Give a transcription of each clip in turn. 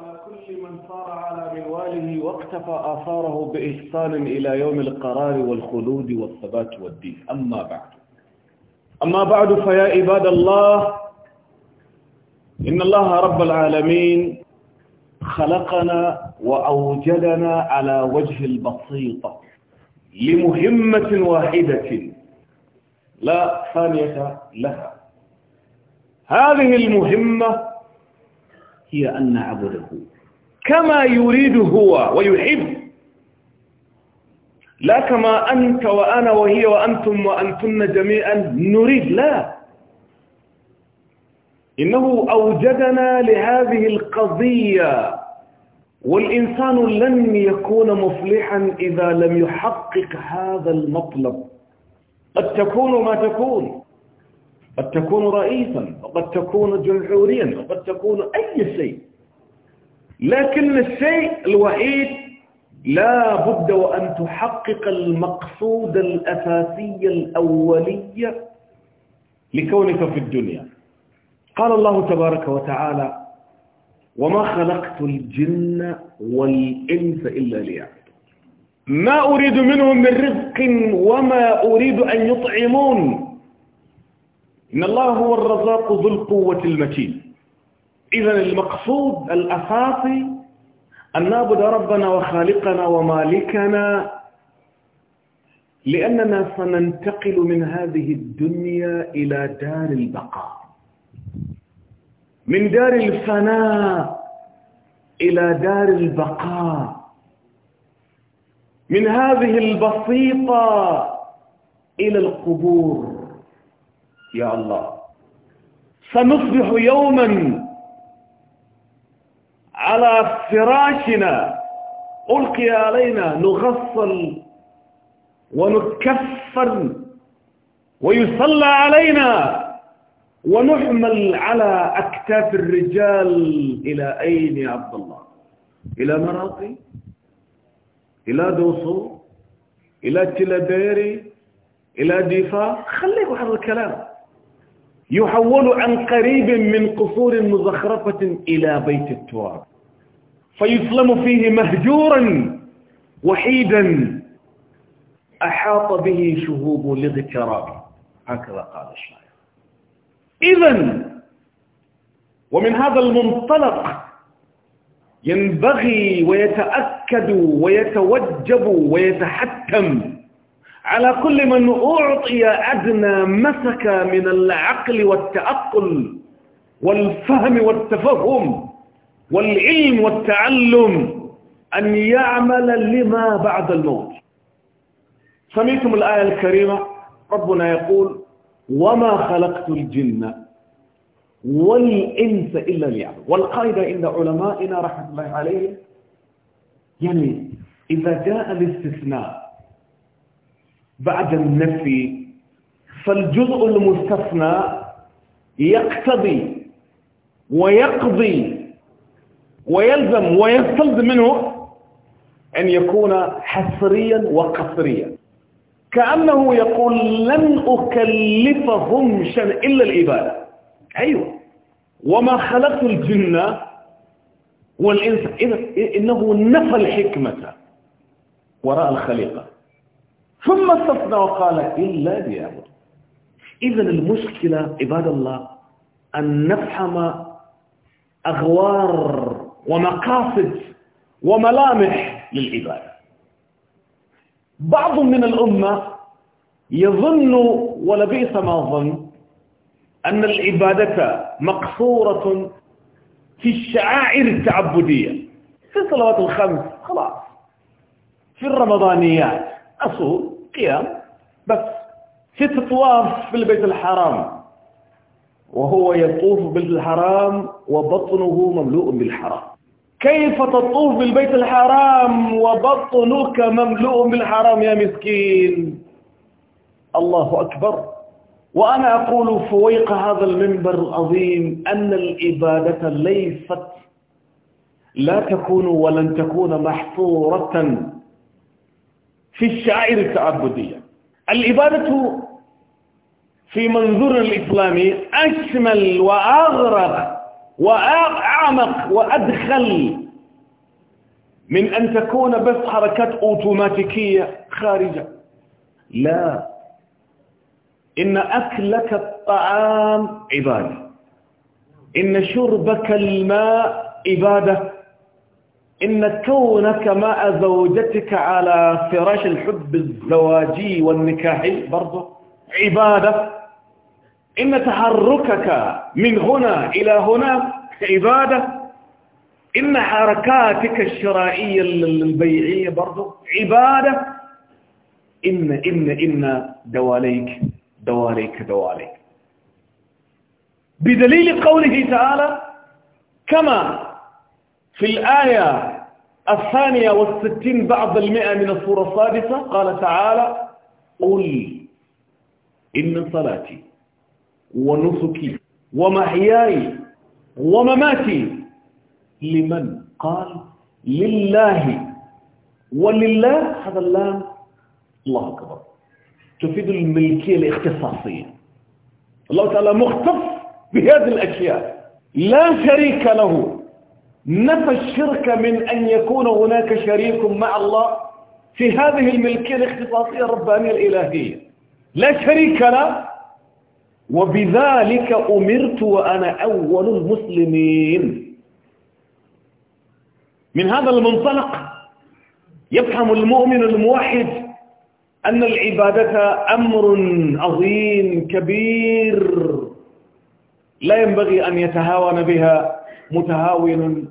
على كل من صار على منواله واقتفى آثاره بإحسان إلى يوم القرار والخلود والثبات والدين أما بعد أما بعد فيا عباد الله إن الله رب العالمين خلقنا وأوجدنا على وجه البسيطة لمهمة واحدة لا ثانية لها هذه المهمة هي أن نعبده كما يريد هو ويحب لا كما أنت وأنا وهي وأنتم وأنتن جميعا نريد لا إنه أوجدنا لهذه القضية والإنسان لن يكون مفلحا إذا لم يحقق هذا المطلب قد تكون ما تكون قد تكون رئيسا وقد تكون جمهوريا وقد تكون أي شيء لكن الشيء الوحيد لا بد وأن تحقق المقصود الأساسي الأولي لكونك في الدنيا قال الله تبارك وتعالى وما خلقت الجن والإنس إلا ليعبدون ما أريد منهم من رزق وما أريد أن يطعمون إن الله هو الرزاق ذو القوة المتين إذا المقصود الأساسي أن نعبد ربنا وخالقنا ومالكنا لأننا سننتقل من هذه الدنيا إلى دار البقاء من دار الفناء إلى دار البقاء من هذه البسيطة إلى القبور يا الله سنصبح يوما على فراشنا ألقي علينا نغسل ونكفر ويصلى علينا ونحمل على أكتاف الرجال إلى أين يا عبد الله إلى مراطي إلى دوصو إلى تلابيري إلى ديفا خليك واحد الكلام يحول عن قريب من قصور مزخرفة إلى بيت التراب فيسلم فيه مهجورا وحيدا أحاط به شهوب الاغتراب هكذا قال الشاعر إذا ومن هذا المنطلق ينبغي ويتأكد ويتوجب ويتحكم على كل من أعطي أدنى مسك من العقل والتأقل والفهم والتفهم والعلم والتعلم أن يعمل لما بعد الموت سمعتم الآية الكريمة ربنا يقول وما خلقت الجن والإنس إلا ليعبد والقاعدة عند علمائنا رحمة الله عليه يعني إذا جاء الاستثناء بعد النفي فالجزء المستثنى يقتضي ويقضي ويلزم ويستلزم منه أن يكون حصريا وقصريا كأنه يقول لن أكلفهم شيئا إلا الإبادة أيوة وما خلقت الجن والإنس إنه نفى الحكمة وراء الخليقة ثم استثنى وقال إلا بيعبد إذا المشكلة عباد الله أن نفهم أغوار ومقاصد وملامح للعبادة بعض من الأمة يظن ولبئس ما ظن أن العبادة مقصورة في الشعائر التعبدية في الصلوات الخمس خلاص في الرمضانيات أصول قيام بس ست طواف في البيت الحرام وهو يطوف بالبيت الحرام وبطنه مملوء بالحرام كيف تطوف بالبيت الحرام وبطنك مملوء بالحرام يا مسكين الله أكبر وأنا أقول فويق هذا المنبر العظيم أن الإبادة ليست لا تكون ولن تكون محصورة في الشعائر التعبدية العبادة في منظور الإسلامي أشمل وأغرب وأعمق وأدخل من أن تكون بس حركات أوتوماتيكية خارجة لا إن أكلك الطعام عبادة إن شربك الماء عبادة إن كونك مع زوجتك على فراش الحب الزواجي والنكاحي برضو عبادة إن تحركك من هنا إلى هنا عبادة إن حركاتك الشرائية البيعية برضو عبادة إن إن إن دواليك دواليك دواليك بدليل قوله تعالى كما في الآية الثانية والستين بعد المئة من السورة السادسة قال تعالى قل إن صلاتي ونسكي ومحياي ومماتي لمن قال لله ولله هذا اللام الله أكبر تفيد الملكية الاختصاصية الله تعالى مختص بهذه الأشياء لا شريك له نفى الشرك من أن يكون هناك شريك مع الله في هذه الملكية الاختصاصية الربانية الإلهية لا شريك له وبذلك أمرت وأنا أول المسلمين من هذا المنطلق يفهم المؤمن الموحد أن العبادة أمر عظيم كبير لا ينبغي أن يتهاون بها متهاون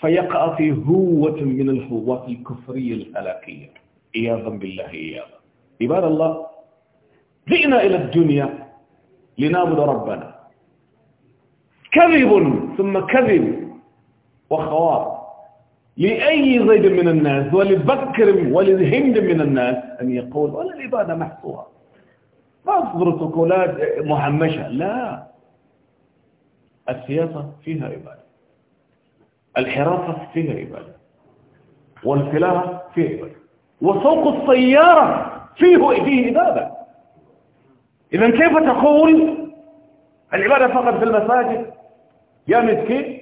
فيقع في هوة من الهوات الكفرية الفلكية عياذا بالله إياذا عباد الله جئنا إلى الدنيا لنعبد ربنا كذب ثم كذب وخوار لأي زيد من الناس ولبكر ولهند من الناس أن يقول ولا العبادة محفوظة ما أصبر ولا محمشة لا السياسة فيها عبادة الحراسة فيها عبادة والفلاحة فيها عبادة وسوق السيارة فيه فيه عبادة إذا كيف تقول العبادة فقط في المساجد يا مسكين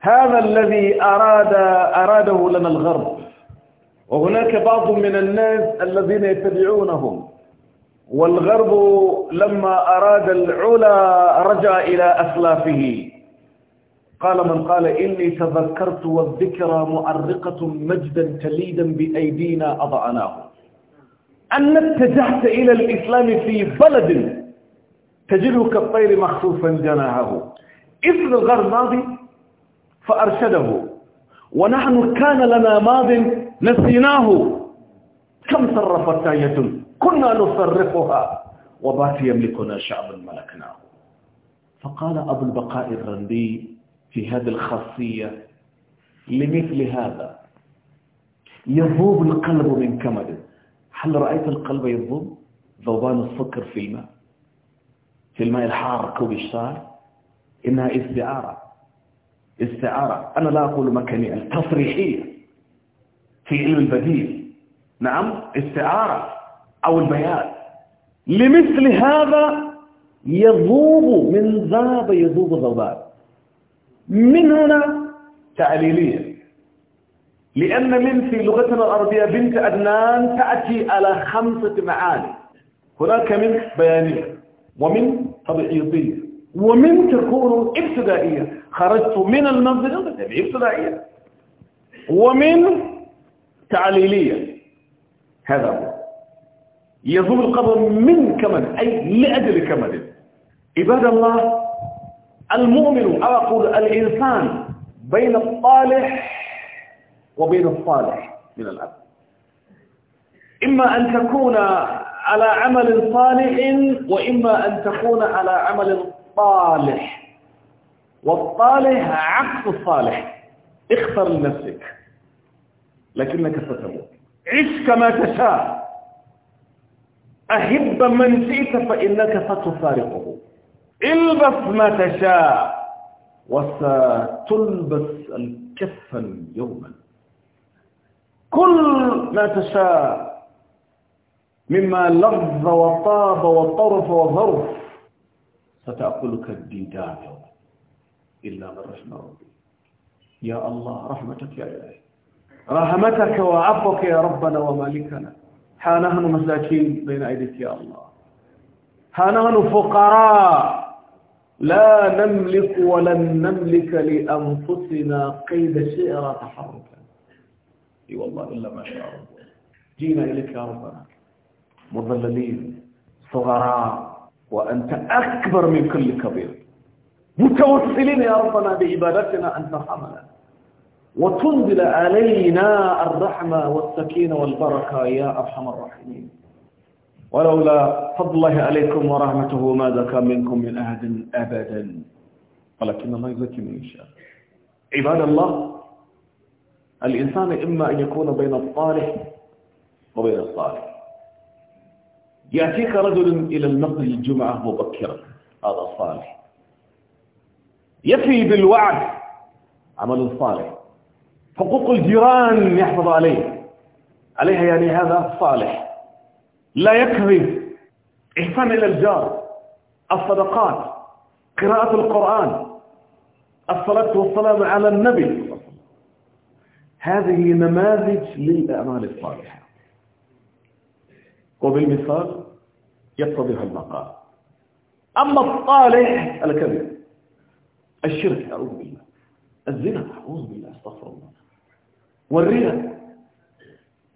هذا الذي أراد أراده لنا الغرب وهناك بعض من الناس الذين يتبعونهم والغرب لما أراد العلا رجع إلى أسلافه قال من قال إني تذكرت والذكرى مؤرقة مجدا تليدا بأيدينا أضعناه أن اتجهت إلى الإسلام في بلد تجده كالطير مخصوفا جناحه إذن الغر ماضي فأرشده ونحن كان لنا ماض نسيناه كم صرفت آية كنا نصرفها وبات يملكنا شعب ملكناه فقال أبو البقاء الرندي في هذه الخاصية لمثل هذا يذوب القلب من كمد هل رأيت القلب يذوب ذوبان السكر في الماء في الماء الحار كوب الشعر إنها استعارة استعارة أنا لا أقول مكانية تصريحية في علم البديل نعم استعارة أو البيان لمثل هذا يذوب من ذاب يذوب ذوبان من هنا تعليلية لأن من في لغتنا العربية بنت أدنان تأتي على خمسة معاني هناك من بيانية ومن طبيعية ومن تكون ابتدائية خرجت من المنزل ابتدائية ومن تعليلية هذا هو يزول القبر من كمد أي لأجل كمد عباد الله المؤمن أقول الإنسان بين الطالح وبين الصالح من الأب إما أن تكون على عمل صالح وإما أن تكون على عمل طالح والطالح عكس الصالح اختر لنفسك لكنك ستموت عش كما تشاء أحب من شئت فإنك ستفارقه البس ما تشاء وستلبس الكف يوما كل ما تشاء مما لغز وطاب وطرف وظرف ستأكلك الديدان إلا من رحم ربي يا الله رحمتك يا إلهي رحمتك وعفوك يا ربنا ومالكنا حانهن مساكين بين أيديك يا الله هنان فقراء لا نملك ولن نملك لأنفسنا قيد شعر تحركا اي والله إلا ما شاء الله جينا إليك يا ربنا مضللين صغراء وأنت أكبر من كل كبير متوسلين يا ربنا بعبادتنا أن ترحمنا وتنزل علينا الرحمة والسكينة والبركة يا أرحم الراحمين ولولا فضل الله عليكم ورحمته ما زكى منكم من أحد أبدا ولكن الله يزكي من يشاء عباد الله الإنسان إما أن يكون بين الصالح وبين الصالح يأتيك رجل إلى المسجد الجمعة مبكرا هذا صالح يفي بالوعد عمل صالح حقوق الجيران يحفظ عليه عليها يعني هذا صالح لا يكذب إحسان إلى الجار الصدقات قراءة القرآن الصلاة والسلام على النبي هذه نماذج للأعمال الصالحة وبالمثال يتضح المقال أما الصالح الكذب الشرك أعوذ بالله الزنا أعوذ بالله استغفر الله والرياء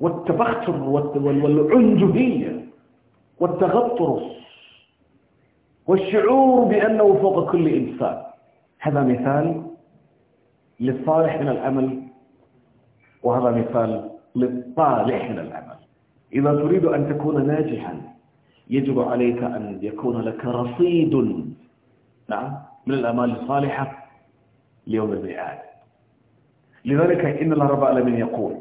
والتبختر والعنجبية والتغطرس والشعور بأنه فوق كل إنسان هذا مثال للصالح من الأمل وهذا مثال للطالح من الأمل إذا تريد أن تكون ناجحا يجب عليك أن يكون لك رصيد نعم من الأمال الصالحة ليوم الميعاد لذلك إن الله رب العالمين يقول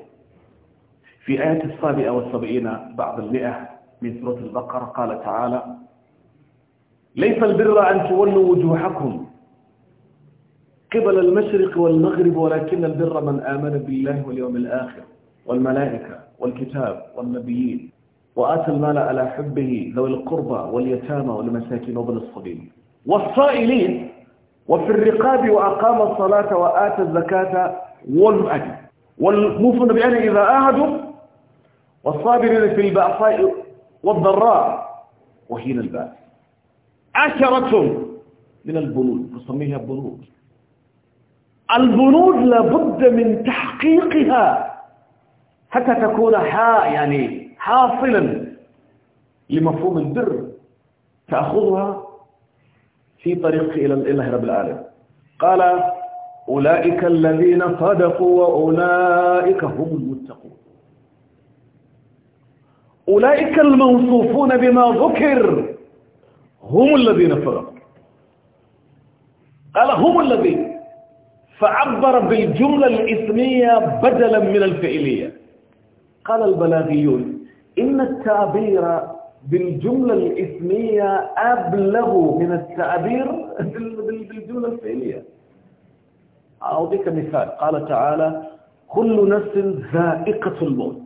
في آية السابعة والسبعين بعد المئة من سورة البقرة قال تعالى ليس البر أن تولوا وجوهكم قبل المشرق والمغرب ولكن البر من آمن بالله واليوم الآخر والملائكة والكتاب والنبيين وآتى المال على حبه ذوي القربى واليتامى والمساكين وابن الصبيل والصائلين وفي الرقاب وأقام الصلاة وآتى الزكاة والمؤدي والموفون بأن إذا آهدوا والصابرين في البأساء والضراء وحين البأس عشرة من البنود نسميها بنود البنود لابد من تحقيقها حتى تكون حا يعني حاصلا لمفهوم البر تأخذها في طريق إلى الله رب العالمين قال أولئك الذين صدقوا وأولئك هم المتقون أولئك الموصوفون بما ذكر هم الذين فرقوا قال هم الذين فعبر بالجملة الإسمية بدلا من الفعلية قال البلاغيون إن التعبير بالجملة الإسمية أبلغ من التعبير بالجملة الفعلية أعطيك مثال قال تعالى كل نفس ذائقة الموت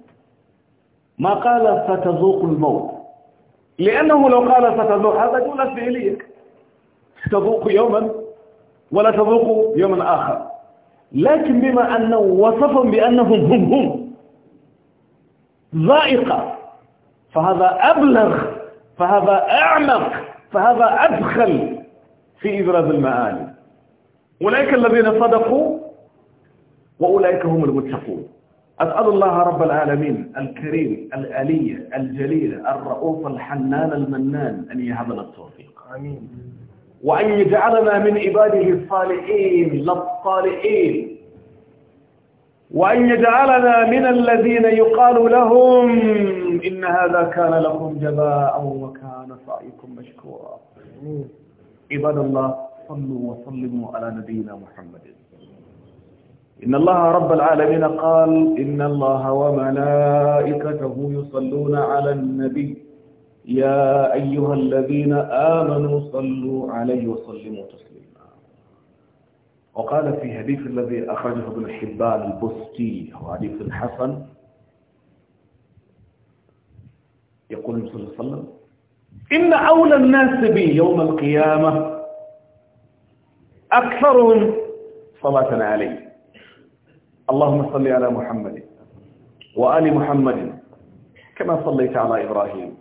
ما قال ستذوق الموت لأنه لو قال ستذوق هذا جملة فعلية تذوق يوما ولا تذوق يوما آخر لكن بما أنه وصفهم بأنهم هم هم ذائقة فهذا أبلغ فهذا أعمق فهذا أدخل في إبراز المعاني أولئك الذين صدقوا وأولئك هم المتقون أسأل الله رب العالمين الكريم الألية الجليل الرؤوف الحنان المنان أن يهبنا التوفيق آمين وأن يجعلنا من عباده الصالحين للصالحين وأن يجعلنا من الذين يقال لهم إن هذا كان لكم جزاء وكان سعيكم مشكورا عباد الله صلوا وسلموا على نبينا محمد إن الله رب العالمين قال إن الله وملائكته يصلون على النبي يا أيها الذين آمنوا صلوا عليه وسلموا تسليما وقال في حديث الذي أخرجه ابن حبان البستي هو حديث الحسن يقول صلى الله عليه وسلم إن أولى الناس بي يوم القيامة أكثرهم صلاة عليه اللهم صل على محمد وآل محمد كما صليت على إبراهيم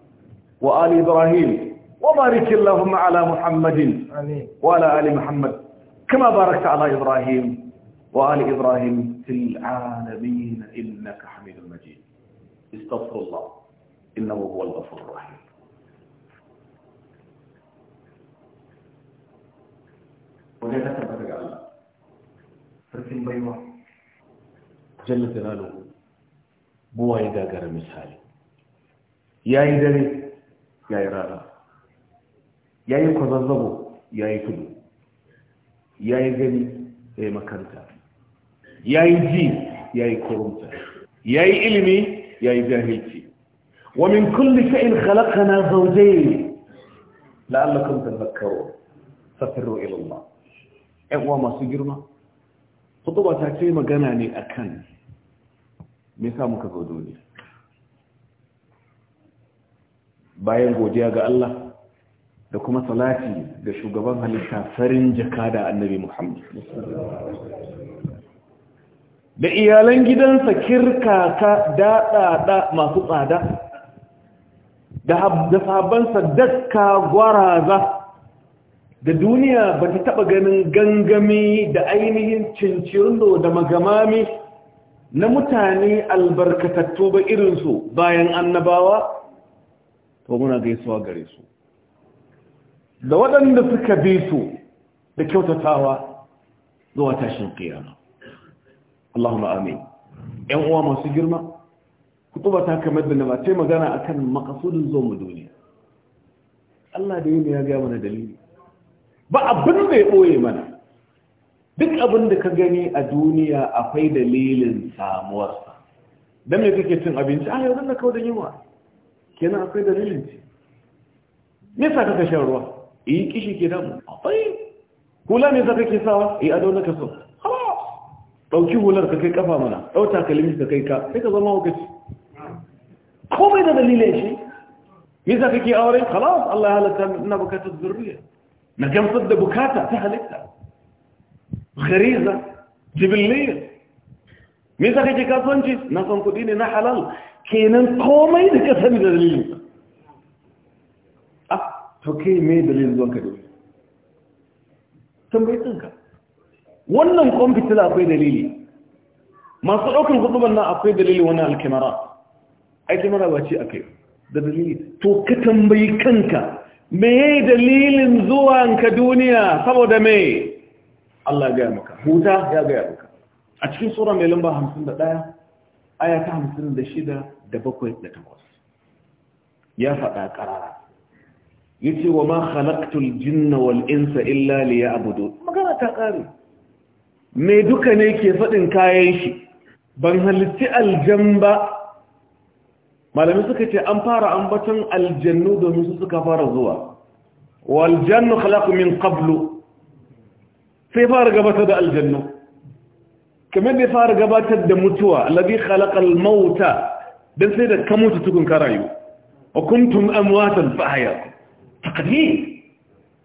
وآل إبراهيم وبارك اللهم على محمد وعلى آل محمد كما باركت على إبراهيم وآل إبراهيم في العالمين إنك حميد مجيد استغفر الله إنه هو الغفور الرحيم وجدت بذلك الله فرسل بيوه جنة رانو بوا يدا غير مثال يا يدري يا يرارا يا يكوزازبو يا يكدو يا يغني يا مكانتا يا يجي يا يكرمتا يا يلمي يا يجاهلتي ومن كل شيء خلقنا زوجين لعلكم تذكرون فتروا الى الله اقوى إيه، ما سجرنا hutuba ta ce magana ne akan me sa muka zo duniya bayan godiya ga Allah da kuma salati ga shugaban halitta farin jakada annabi Muhammad da iyalan gidansa kirkaka daɗaɗa masu tsada da sahabbansa dakka gwaraza da duniya ba ta taɓa ganin gangami da ainihin cincirindo da magamami na mutane albarkatattu ba irinsu bayan annabawa to muna gaisuwa gare su da waɗanda suka bi su da kyautatawa zuwa tashin kiyama Allahumma amin ‘yan uwa masu girma kutuba ta kamar da ce magana akan makasudin zo mu duniya Allah da yi ya gaya mana dalili ba abin da ya ɓoye mana duk abin da ka gani a duniya akwai dalilin samuwarsa don me kake cin abinci a ah, yau zan kawo da yunwa kenan akwai dalilin ce me sa kaka shan ruwa yi kishi ke damu akwai hula ne za kake sawa yi ado na kaso ɗauki hular ka kai kafa mana ɗau takalmi ka kai ka sai ka zama wakaci komai da dalilin shi me sa kake aure kalas Allah ya halatta ina bukatar zurriya نجم صد بكاتا تهلكتا خريزة جبلية ميزا خيجي كاسونجي ناسون كديني نحلال كينن قومي دي كسامي دليل اه توكي مي دليل زوان كدو سمي تنكا ونن قوم بتلا اقوي دليل ما صعوكم قطب انا اقوي دليل وانا الكاميرات اي كاميرا واشي اكيو دليل توكتن بيكنكا Me ya yi dalilin zuwanka duniya saboda me Allah gaya maka huta ya gaya maka a cikin sura mai lamba 51 aya ta 56 da 7 da 8 ya faɗa ƙarara ce wa ma khalaqtul jinna wal insa illa liya'budun magana ta ƙare me duka ne ke faɗin kayan shi ban halitti aljan ba malamin suka ce an fara ambaton aljannu domin su suka fara zuwa waljannu khalaqu min qablu sai fara gabatar da aljannu kamar da fara gabatar da mutuwa alladhi khalaqal mauta dan sai da ka mutu tukun ka rayu wa kuntum amwatan fa hayakum taqdim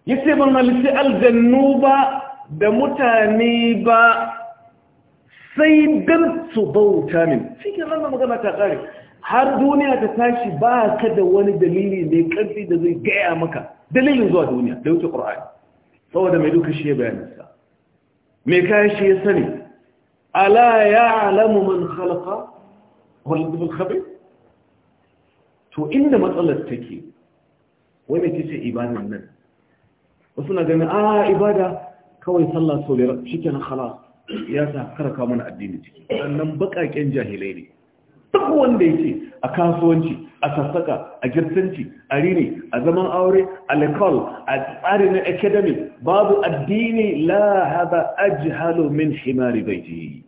yace ban malisi aljannu ba da mutane ba sai dan su bauta min shi ke magana ta kare har duniya ta tashi ba ka da wani dalili mai ƙarfi da zai gaya maka dalilin zuwa duniya da wuce ƙura'a'i, saboda mai duka shi ya bayaninsa mai kayan shi ya sani ala ya alamu man halaka walidubin haɓe to inda matsalar take wani ke ce ibadan nan wasu na ganin a ah, ibada kawai sallah sau da shi kenan halas ya sa karaka mana addini ciki sannan baƙaƙen jahilai ne duk wanda yake a kasuwanci a sassaka a girtanci a rini a zaman aure a lekol a tsari na academy babu addini la haɗa ajihalo min himari baiti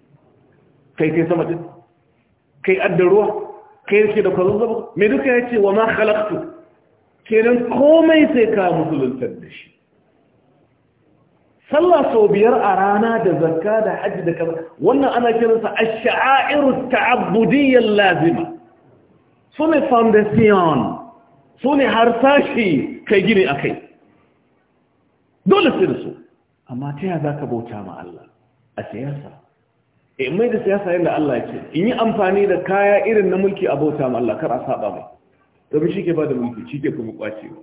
kai kai sama din kai addaruwa kai yake da kwazon zaba mai duka ya ce wa ma halaktu kenan komai sai ka musuluntar da shi sallah sau biyar a rana da zakka da hajji da kaza wannan ana kiransa ash-sha'airu ta'abbudiyya lazima sune foundation sune harsashi kai gini akai dole sai da su amma ta za ka bauta ma Allah a siyasa in eh, mai da siyasa yadda Allah ya ce in yi amfani da kaya irin na mulki a bauta ma Allah kar a saba mai domin shi ke ba da mulki shi ke kuma kwacewa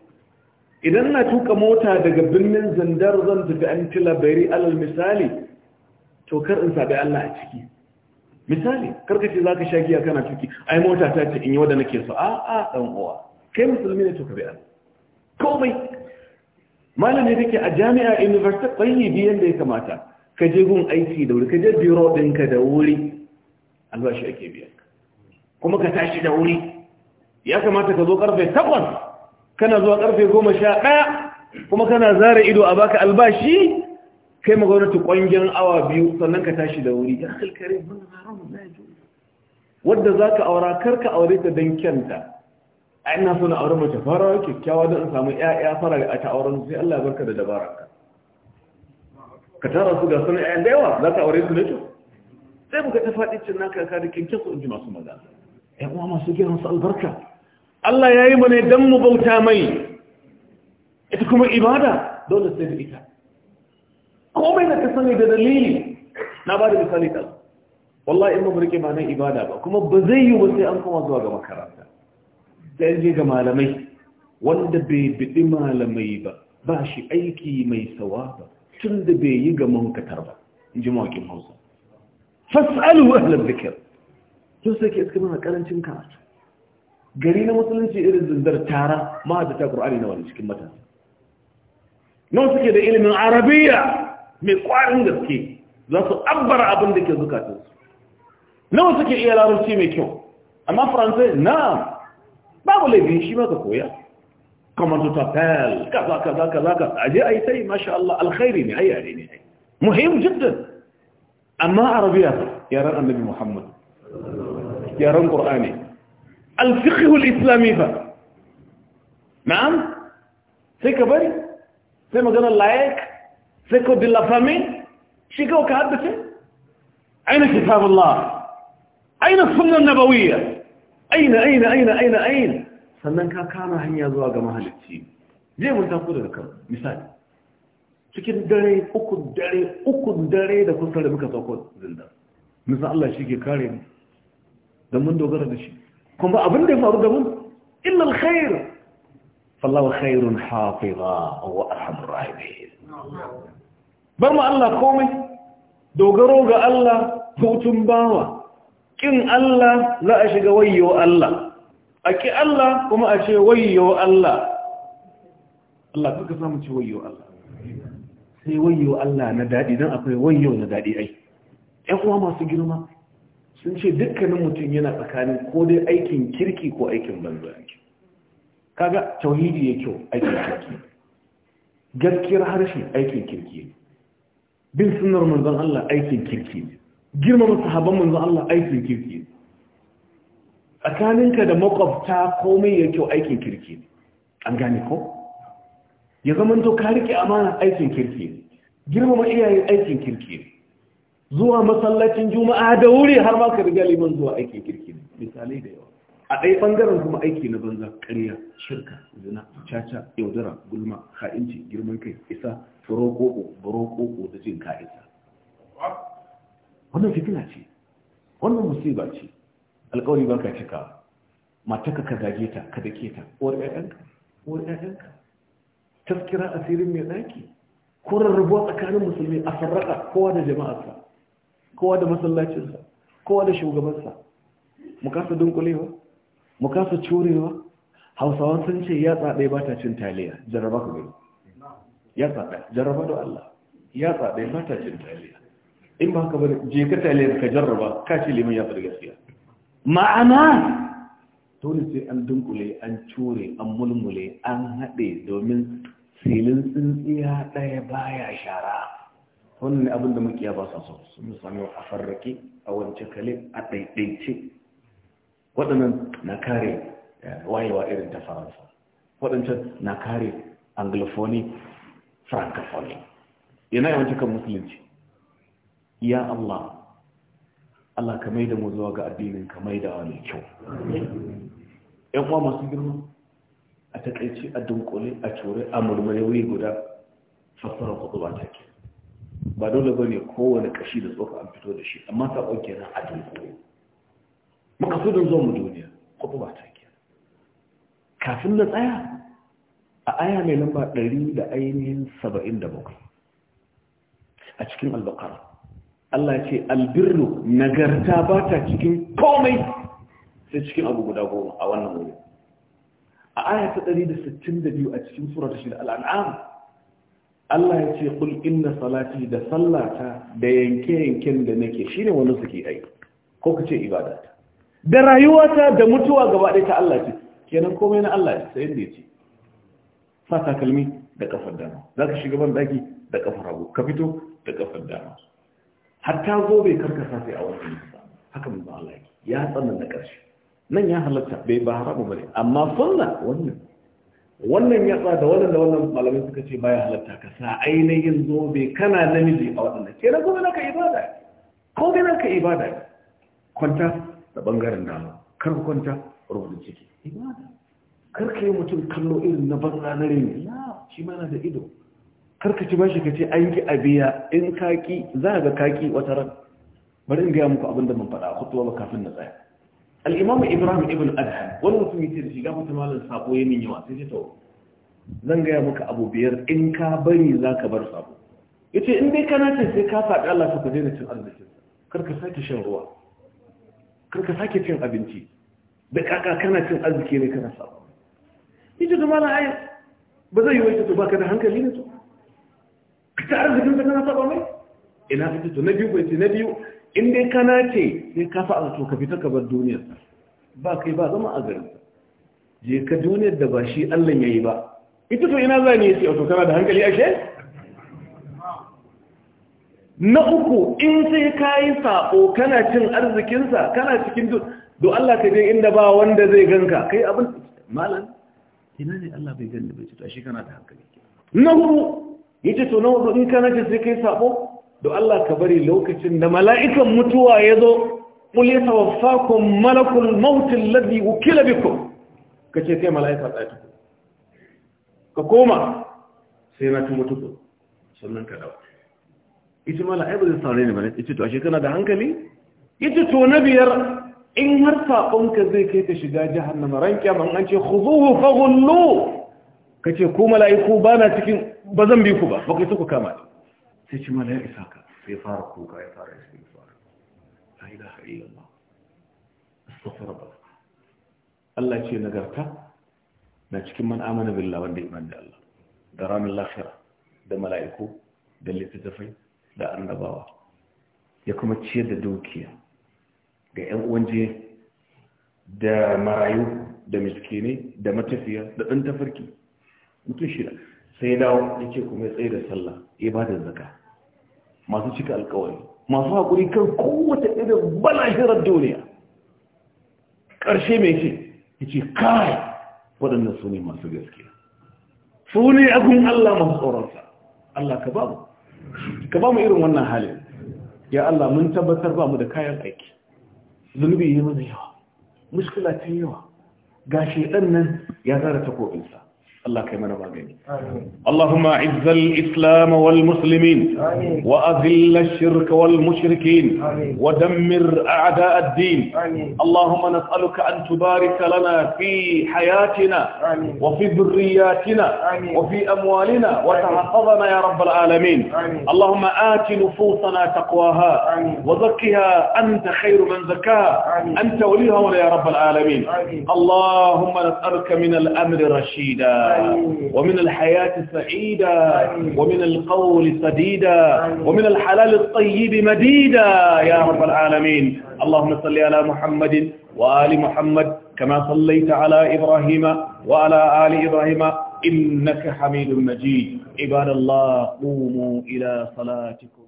idan na tuka mota daga birnin zandar zan tafi an tila bayari alal misali to kar in sabi Allah a ciki misali karkace za ka sha giya kana tuki ai mota ta ce in yi wadda nake so a a ɗan uwa kai musulmi ne to ka bi Allah komai malami kake a jami'a university kwayi biyan da ya kamata ka je gun aiki da wuri ka je biro ɗinka da wuri albashi ake biyan kuma ka tashi da wuri ya kamata ka zo karfe takwas kana zuwa karfe goma sha ɗaya kuma kana zara ido a baka albashi kai magwamnati ƙwangin awa biyu sannan ka tashi da wuri ya halkare wadda za ka aura karka aure ta don kyanta a ina so na aure mace fara kyakkyawa don samu ya'ya fara a ta auren sai Allah barka da dabara ka ka tara su ga sunan ƴaƴan da yawa za ka aure su ne to sai muka ta faɗi cin naka ka da kyakkyawa in ji masu magana ƴan uwa masu gidan su albarka Allah ya yi mana don mu bauta mai ita kuma ibada dole sai da ita komai da ka sani da dalili na ba da misali ta wallahi in mabarke ba na ibada ba kuma ba zai yi wa sai an koma zuwa ga makaranta sai je ga malamai wanda bai biɗi malamai ba ba shi aiki mai sawa ba tun da bai yi ga mankatar ba in ji mawakin hausa fasalu ahlar zikir ke iska mana karancin karatu gari na musulunci irin zindar tara ma'adata ƙur'ani na wani cikin matasa nan suke da ilimin arabiya mai ƙwarin gaske za su abbara abin da ke zukatunsu nawa suke iya larabci mai kyau amma faransai na babu laifin shi ka koya kamar su tafel kaza kaza kaza kaza aje a yi sai, masha Allah alkhairi ne ai yare ne muhim jiddan amma arabiya yaran annabi muhammad yaran ƙur'ani الفقه الإسلامي فا نعم سيكا باري سيما جانا لايك سيكو دي لا فامي شيكو كهدفة أين كتاب الله أين السنة النبوية أين أين أين أين أين سننكا كان هيا زواغ مهل التين زي من تقول لك مثال شكين داري أكد داري أكد داري دكو سلمك توقود زندر مثال الله شيكي كاري دمون دو غرد شيكي kuma abin da ya faru da mun illa alkhair fallahu khairun hafiza wa arhamur rahimin bar mu Allah komai dogaro ga Allah hutun bawa kin Allah za a shiga wayyo Allah aki Allah kuma a ce wayyo Allah Allah kuka samu ce wayyo Allah sai wayyo Allah na dadi dan akwai wayyo na dadi ai ƴan uwa masu girma sun ce dukkanin mutum yana tsakanin ko dai aikin kirki ko aikin banzu yake kaga tauhidi ya kyau aikin kirki gaskiyar harshe aikin kirki ne. bin sunar manzon Allah aikin kirki ne. girmama sahabban manzon Allah aikin kirki ne. tsakaninka da makwabta komai ya kyau aikin kirki ne. an gane ko ya zama to ka rike amana aikin kirki ne. girmama iyayen aikin kirki ne. zuwa masallacin juma'a da wuri har ma ka riga liman zuwa aikin kirki misali da yawa a ɗaya ɓangaren kuma aiki na banza ƙarya shirka zina caca yaudara gulma ka'inci girman kai isa buro barokoko da jin ka'isa wannan fitina ce wannan musiba ce alƙawari ba cika mata ka zage ta ka dake ta uwar ƴaƴanka uwar ƴaƴanka taskira asirin mai ɗaki ko rarrabuwa tsakanin musulmi a farraka kowa da jama'arsa kowa da masallacinsa kowa da shugabansa mu kasa dunkulewa mu kasa curewa hausawan sun ce ya tsaɗe ba ta cin taliya jarraba ku gani ya tsaɗe jarraba da Allah ya tsaɗe ba ta cin taliya in ba ka bari je ka taliya ka jarraba ka ce liman ya fi gaskiya ma'ana tuni sai an dunkule an cure an mulmule an haɗe domin silin tsintsiya ɗaya baya shara wannan ne abin da makiya ba sa so sun sami a farrake a wance kale a ɗaiɗaice waɗannan na kare eh, wayewa irin ta faransa waɗancan na kare anglophony francophony yana wancan kan musulunci ya Allah Allah ka mai da mu zuwa ga addinin ka mai da wani kyau ‘yan uwa masu girma a taƙaice a dunkule a cure a murmure wuri guda fassara kudu ba take ba dole ba ne kowane kashi da tsofa an fito da shi amma saƙon kenan a dunkule makasudin zuwa mu duniya kuma ba ta kenan kafin na tsaya a aya mai lamba ɗari da ainihin saba'in da bakwai a cikin albakar Allah ce albirnu nagarta ba ta cikin komai sai cikin abu guda goma a wannan wuri a aya ta ɗari da sittin da biyu a cikin surata shi da al'an'am Allah ya ce kul inna salati da sallata da yanke-yanken da nake shine wani suke ai ko ce ibada da rayuwata da mutuwa gaba ɗaya ta Allah ce kenan komai na Allah ce, sai da ce. sa takalmi da kafar dama zaka shiga ban daki da kafar hagu ka fito da kafar dama hatta gobe karkasa sai a wannan haka mun ba Allah ya tsananta karshe nan ya halatta bai ba haramu bane amma sunna wannan wannan ya da wannan da wannan malamin suka ce baya halatta ka sa ainihin zobe kana namiji a waɗanda ke na zobe naka ibada ko dai naka ibada kwanta da bangaren dama kar kwanta rubutun ciki ibada kar ka yi mutum kallo irin na banza na rene shi mana da ido kar ka ci bashi ka ce an yi abiya in kaki za ga kaki wata ran bari in gaya muku abin da mun faɗa a kutuwa kafin na tsaya Al'imamin ibrahim ibn adhan wani mutum yace da shiga mutum malam sabo ya min yawa sai ce to zan gaya maka abu biyar in ka bari za ka bar sabo yace in dai kana ce sai ka faɗi Allah daina cin arzikin kar ka sake shan ruwa kar ka sake cin abinci da kaka kana cin arziki ne kana sabo yace to malam ai ba zai yi wai to baka da hankali ka ina na biyu na biyu in dai kana ce sai ka fa'a to ka fita ka bar duniyar ba kai ba zama a garin je ka duniyar da ba shi Allah yayi ba ita to ina zani yace to kana da hankali ashe na uku in sai ka yi sako kana cin arzikin sa kana cikin duk? do Allah ka je inda ba wanda zai ganka kai abin malam ina ne Allah bai ganni bai ci to ashe kana da hankali na hudu ce to na huɗu in kana ce sai kai sako da Allah ka bari lokacin da mala'ikan mutuwa ya zo ƙuli tawaffakun malakul mautin lardi wukila biku ka ce sai mala'ika tsaki ka koma sai na tun mutu sannan ka dawo ita mala'i ba zai saurari ne ba ne ita to a shekana da hankali ita to na biyar in har saƙonka zai kai ka shiga jahannama ran amma an ce khuzuhu Ka ce ku mala'iku ba na cikin ba zan bi ku ba ba kai suku kama sai ci mana ya isa ka sai fara kuka ya fara fara. yi yamma. la ilaha illallah ba. Allah ce nagarta na cikin man amana billah wanda iman da Allah da ranar lafiya da mala'iku da littattafai da annabawa ya kuma ciyar da dukiya ga 'yan uwanje da marayu da miskini da matafiya da ɗan tafarki mutum shida sai dawo ya ce kuma ya tsaye da sallah ya ba da zaka masu cika alkawari masu haƙuri kan kowace irin balashirar duniya ƙarshe mai ce ya ce kai waɗanda su ne masu gaskiya su ne akun Allah masu tsoronsa Allah ka bamu ka mu irin wannan halin ya Allah mun tabbatar ba mu da kayan aiki zunubi yi mana yawa muskula ta yawa ga shaidan nan ya zara takobinsa الله كما نبغي اللهم اعز الإسلام والمسلمين آمين. وأذل الشرك والمشركين آمين. ودمر أعداء الدين آمين. اللهم نسألك أن تبارك لنا في حياتنا وفي ذرياتنا وفي أموالنا وتحفظنا يا رب العالمين اللهم آت نفوسنا تقواها وزكها أنت خير من زكاها أنت وليها ولا يا رب العالمين اللهم نسألك من الأمر رشيدا ومن الحياة سعيدا ومن القول سديدا ومن الحلال الطيب مديدا يا رب العالمين اللهم صل على محمد وآل محمد كما صليت على إبراهيم وعلى آل إبراهيم إنك حميد مجيد عباد الله قوموا إلى صلاتكم